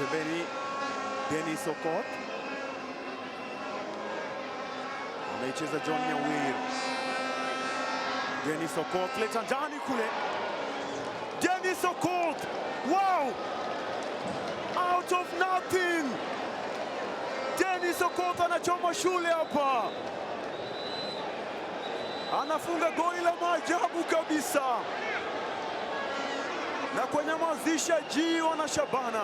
pembeni denis okot anaicheza John Nyawir. denis o'kot leta ndani kule, denis Okoth! Wow, out of nothing! Dennis Okoth anachoma shule hapa, anafunga goli la maajabu kabisa na kunyamazisha jiwe na Shabana.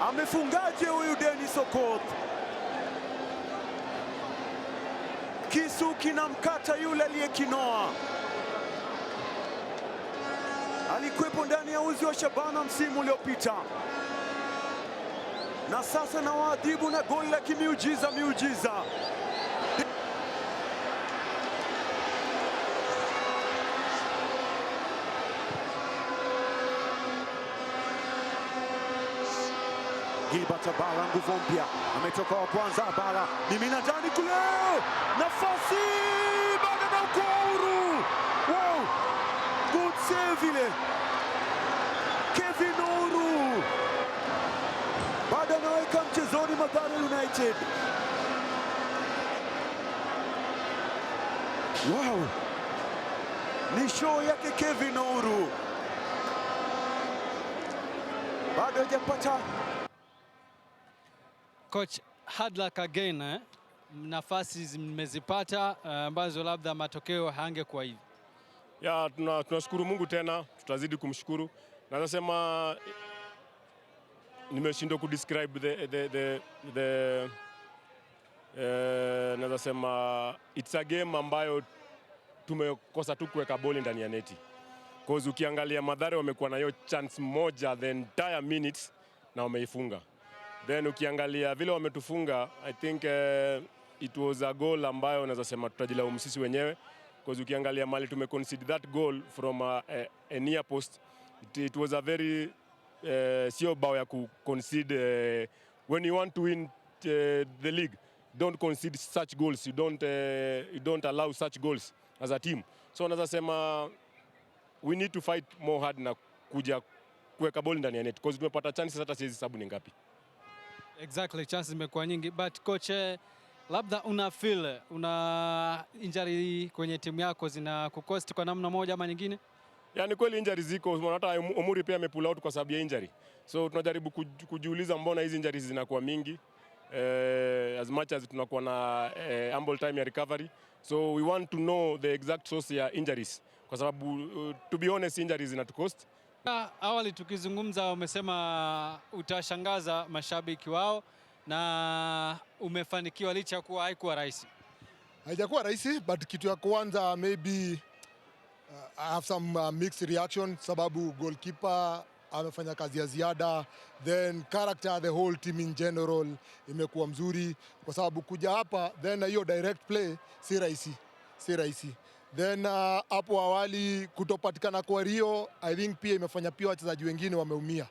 Amefungaje huyu Dennis Okoth? Kisu kinamkata yule aliyekinoa. Alikuwepo ndani ya uzi wa Shabana msimu uliopita, na sasa na waadhibu na goli la kimiujiza miujiza. Gilbert Abala nguvu mpya, ametoka wa kwanza. Abala mimina ndani kule, nafasi bado na uko huru. Wow, good save ile Kevin Oru, bado anaweka mchezoni Mathare United. Wow, ni show yake Kevin Oru, bado hajapata Coach Hadlack again eh, nafasi zimezipata eh, ambazo uh, labda matokeo hayangekuwa hivi. Ya, tunashukuru tuna Mungu tena, tutazidi kumshukuru. Naweza nimeshindwa kudescribe the, the, the, the, uh, naweza it's a game ambayo tumekosa tu kuweka boli ndani ya neti cause ukiangalia madhare wamekuwa na hiyo chance moja the entire minutes na wameifunga. Then ukiangalia vile wametufunga I think uh, it was a goal ambayo unaweza sema tutajilaumu sisi wenyewe because ukiangalia mali tume concede that goal from a, eh, a, a near post it, it was a very uh, sio bao ya ku concede uh, when you want to win uh, the league don't concede such goals you don't, uh, you don't allow such goals as a team so unaweza sema we need to fight more hard na kuja kuweka ball ndani ya net because tumepata chances hata siwezi sababu ni ngapi Exactly, chances zimekuwa nyingi but coach, eh, labda una feel eh, una injury kwenye timu yako zina kukosti kwa namna moja ama nyingine? Yaani kweli injury ziko, hata Omuri pia amepull out kwa sababu ya injury, so tunajaribu kujiuliza mbona hizi injuries zinakuwa mingi eh, as much as tunakuwa na eh, ample time ya recovery so we want to know the exact source ya injuries kwa sababu uh, to be honest injuries zinatukost Awali tukizungumza, umesema utashangaza mashabiki wao na umefanikiwa licha ya kuwa haikuwa rahisi. Haijakuwa rahisi but kitu ya kwanza maybe uh, I have some uh, mixed reaction sababu goalkeeper amefanya kazi ya ziada, then character the whole team in general imekuwa mzuri, kwa sababu kuja hapa then hiyo direct play si rahisi, si rahisi. Then uh, hapo uh, awali kutopatikana kwa Rio I think pia imefanya pia wachezaji wengine wameumia,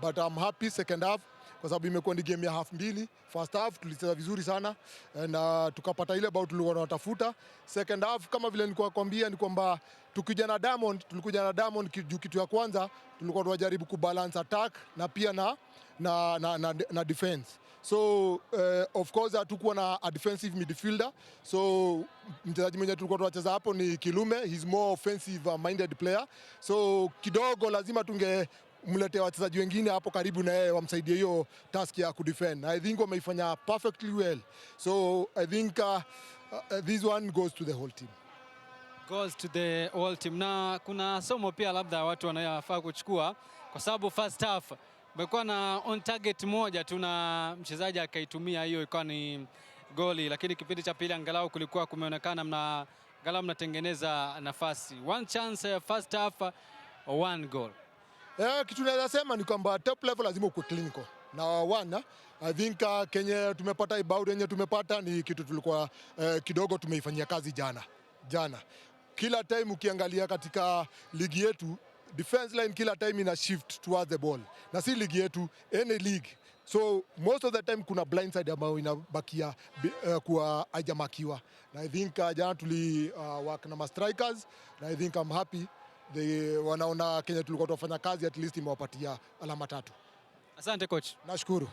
but I'm happy second half kwa sababu imekuwa ni game ya half mbili. First half tulicheza vizuri sana eh, na uh, tukapata ile bao tulikuwa tunatafuta. Second half kama vile nilikuwa kwambia ni kwamba tukija na Diamond, tulikuja na Diamond juu kitu ya kwanza tulikuwa tunajaribu kubalance attack na pia na, na, na, na, na defense so uh, of course hatukuwa na a defensive midfielder, so mchezaji mwenye tulikuwa tunacheza hapo ni Kilume, he's more offensive minded player, so kidogo lazima tunge mlete wachezaji wengine hapo karibu na yeye wamsaidie hiyo task ya kudefend. I think wameifanya perfectly well. So I think uh, uh, this one goes to the whole team. Goes to the whole team. Na kuna somo pia labda watu wanayafaa kuchukua kwa sababu first half umekuwa na on target moja tu na mchezaji akaitumia hiyo ikawa ni goli, lakini kipindi cha pili angalau kulikuwa kumeonekana mna angalau mnatengeneza nafasi. One chance first half, one goal. Eh, kitu naweza sema ni kwamba top level lazima uko clinical na wana I think uh, ah, Kenya tumepata ibao yenye tumepata ni kitu tulikuwa eh, kidogo tumeifanyia kazi jana jana. Kila time ukiangalia katika ligi yetu defense line kila time ina shift towards the ball, na si ligi yetu, any league so most of the time kuna blind side ambayo inabakia uh, kuwa haijamakiwa, na I think uh, jana tuli uh, work na ma strikers na I think I'm happy they wanaona Kenya tulikuwa tuwafanya kazi, at least imewapatia alama tatu. Asante coach, nashukuru.